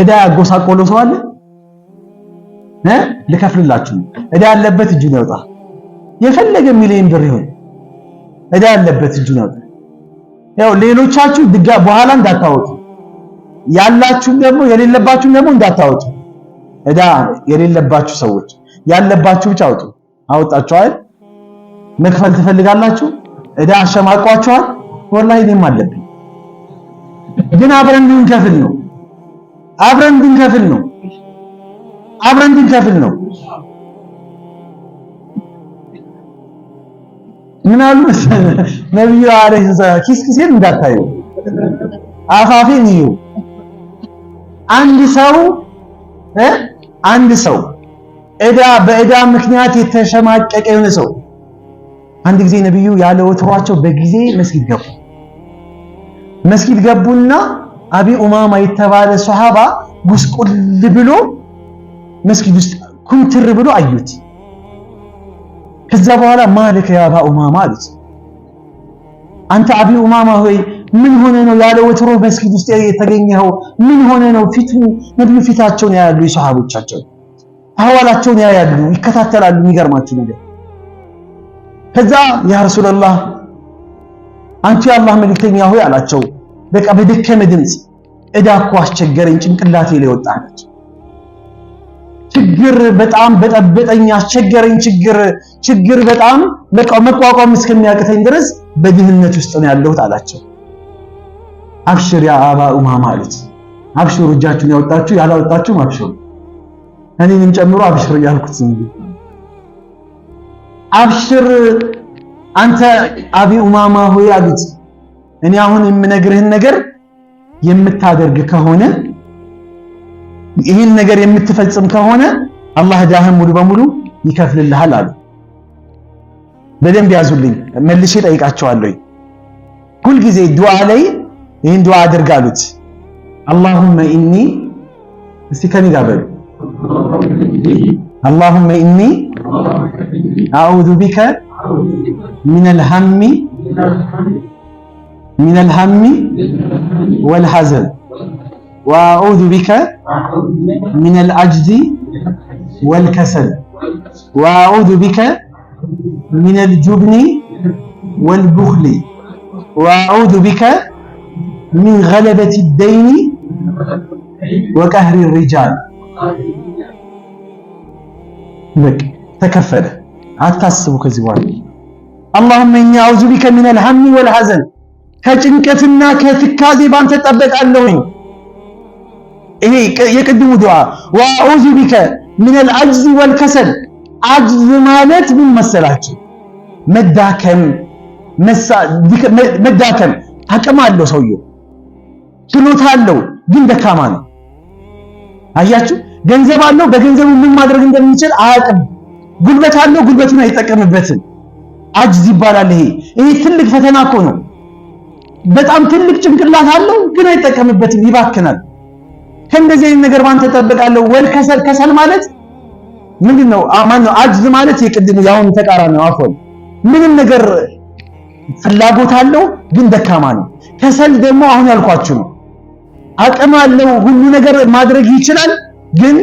እዳ ያጎሳቆሎ ሰው አለ እ ልከፍልላችሁ እዳ ያለበት እጁን ያውጣ። የፈለገ ሚሊዮን ብር ይሁን እዳ ያለበት እጁን ያውጣ። ያው ሌሎቻችሁ ድጋ በኋላ እንዳታወጡ ያላችሁም ደግሞ የሌለባችሁም ደግሞ እንዳታወጡ። እዳ የሌለባችሁ ሰዎች ያለባችሁ ብቻ አውጡ። አይደል? መክፈል ትፈልጋላችሁ፣ እዳ አሸማቋችኋል። ወላሂ እኔም አለብኝ ግን አብረን እንከፍል ነው አብረን እንድንከፍል ነው። አብረን እንድንከፍል ነው። ምን አሉ ነብዩ አለይሂ ሰላም ኪስ እንዳታዩ አፋፌን እዩ። አንድ ሰው አንድ ሰው እዳ በእዳ ምክንያት የተሸማቀቀ የሆነ ሰው አንድ ጊዜ ነብዩ ያለ ወትሯቸው በጊዜ መስጊድ ገቡ። መስጊድ ገቡና አቢ ኡማማ የተባለ ሶሃባ ጉስቁል ብሎ መስጊድ ውስጥ ኩንትር ብሎ አዩት። ከዛ በኋላ ማለከ አባ ኡማማ አሉት። አንተ አቢ ኡማማ ሆይ ምን ሆነ ነው ያለ ወትሮ መስጊድ ውስጥ የተገኘኸው? ምን ሆነ ነው? ፊቱ ነብዩ ፊታቸውን ያያሉ፣ የሰሃቦቻቸው አህዋላቸውን ያያሉ፣ ይከታተላሉ። የሚገርማችሁ ነገር ከዛ ያ ረሱላላህ አንቺ የአላህ መልእክተኛ ሆይ አላቸው በቃ በደከመ ድምፅ እዳ እኮ አስቸገረኝ፣ ጭንቅላቴ ላይ ወጣለች። ችግር በጣም በጠበጠኝ፣ አስቸገረኝ። ችግር ችግር በጣም በቃ መቋቋም እስከሚያቅተኝ ድረስ በድህነት ውስጥ ነው ያለሁት አላቸው። አብሽር ያ አባ ኡማማ አሉት። አብሽሩ፣ እጃችሁን ያወጣችሁ ያላወጣችሁም አብሽሩ፣ እኔንም ጨምሮ አብሽር ያልኩት አብሽር አንተ አቢ ኡማማ ሆይ አሉት። እኔ አሁን የምነግርህን ነገር የምታደርግ ከሆነ ይህን ነገር የምትፈጽም ከሆነ አላህ ዕዳህን ሙሉ በሙሉ ይከፍልልሃል አሉ። በደንብ ያዙልኝ፣ መልሼ ጠይቃቸዋለሁ። ሁልጊዜ ዱዓ ላይ ይህን ዱዓ አድርግ አሉት። አላሁመ ኢኒ እስቲ ከኔ ጋር በሉ። አላሁመ ኢኒ አዑዙ ቢከ ሚነል من الهم والحزن وأعوذ بك من العجز والكسل وأعوذ بك من الجبن والبخل وأعوذ بك من غلبة الدين وقهر الرجال لك تكفل عاد ከዚህ በኋላ اللهم إني أعوذ بك من الهم والحزن ከጭንቀትና ከትካዜ ባንተ እጠበቃለሁኝ። ይሄ የቅድሙ ዱዓ ወአዑዙ ቢከ ሚነል አጅዝ ወልከሰል። አጅዝ ማለት ምን መሰላችሁ? መዳከም መዳከም። አቅም አለው ሰውየው፣ ችሎታ አለው፣ ግን ደካማ ነው። አያችሁ፣ ገንዘብ አለው፣ በገንዘቡ ምን ማድረግ እንደሚችል አያውቅም። ጉልበት አለው፣ ጉልበቱን አይጠቀምበትም። አጅዝ ይባላል። ይሄ ይሄ ትልቅ ፈተና እኮ ነው። በጣም ትልቅ ጭንቅላት አለው፣ ግን አይጠቀምበትም፣ ይባክናል። ከእንደዚህ አይነት ነገር ማን ተጠብቃለሁ? ወል ከሰል ከሰል ማለት ምንድን ነው? ማን ነው? አጅዝ ማለት የቅድም ያሁን ተቃራኒ ነው። አፎን ምንም ነገር ፍላጎት አለው፣ ግን ደካማ ነው። ከሰል ደግሞ አሁን ያልኳችሁ ነው። አቅም አለው፣ ሁሉ ነገር ማድረግ ይችላል፣ ግን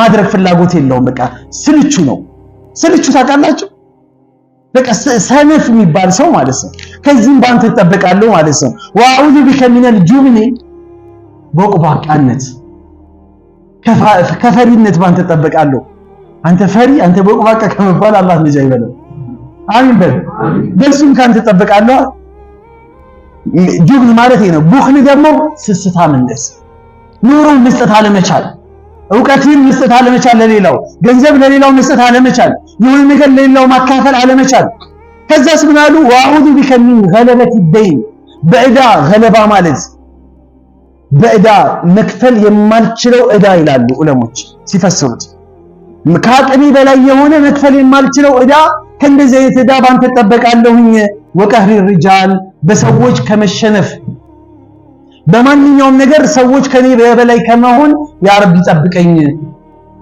ማድረግ ፍላጎት የለውም። በቃ ስልቹ ነው። ስልቹ ታውቃላችሁ? በቃ ሰነፍ የሚባል ሰው ማለት ነው። ከዚህም በአንተ እጠበቃለሁ ማለት ነው። ወአዑዙ ቢከ ሚነል ጁብኒ በቁባቃነት ከፈሪነት ባንተ እጠበቃለሁ። አንተ ፈሪ፣ አንተ በቁባቃ ከመባል አላህ ልጅ አይበለው። አሚን በል። በሱም ካንተ እጠበቃለሁ። ጁብን ማለት ነው። ቡኽል ደግሞ መንደስ፣ ኑሮን መስጠት አለመቻል፣ እውቀትን መስጠት አለመቻል፣ ለሌላው ገንዘብ ለሌላው መስጠት አለመቻል፣ የሆነ ነገር ለሌላው ማካፈል አለመቻል ከዛስ ምን አሉ? ወአዑዙ ቢከ ሚን ገለበት ደይን በዕዳ ገለባ ማለት በዕዳ መክፈል የማልችለው እዳ ይላሉ ዑለሞች ሲፈስሩት። ከአቅሜ በላይ የሆነ መክፈል የማልችለው እዳ ከእንደዚህ አይነት እዳ ባንተ እጠበቃለሁኝ። ወቀህሪ ሪጃል በሰዎች ከመሸነፍ በማንኛውም ነገር ሰዎች ከኔ በላይ ከመሆን ያ ረቢ ጠብቀኝ።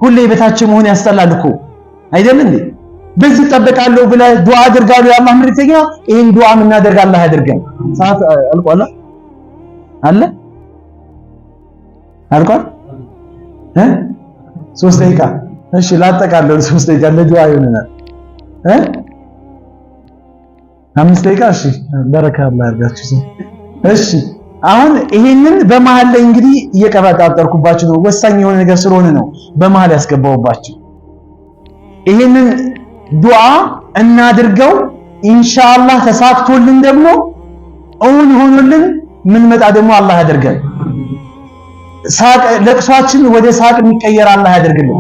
ሁሌ በታች መሆን ያስጠላል እኮ አይደል እንዴ? በዚህ ጠብቃለሁ ብለ ዱዓ አድርጋለሁ። የአላህ ምርተኛ ይሄን ዱዓ የምናደርግ አላህ ያድርገን። ሰዓት አልቋል አለ አልቋል እ ሶስት ደቂቃ እሺ፣ ላጠቃለሁ። ሶስት ደቂቃ ለዱዓ ይሆነናል እ አምስት ደቂቃ እሺ፣ በረካ አላህ ያርጋችሁ። እሺ፣ አሁን ይሄንን በመሃል ላይ እንግዲህ እየቀባጣጠርኩባችሁ ነው፣ ወሳኝ የሆነ ነገር ስለሆነ ነው በመሃል ያስገባውባችሁ ይሄንን ዱዓ እናድርገው። ኢንሻአላህ ተሳክቶልን ደግሞ እውን ሆኖልን ምን መጣ ደግሞ አላህ ያደርገን። ሳቅ ለቅሷችን ወደ ሳቅ የሚቀየር አላህ ያደርግልን።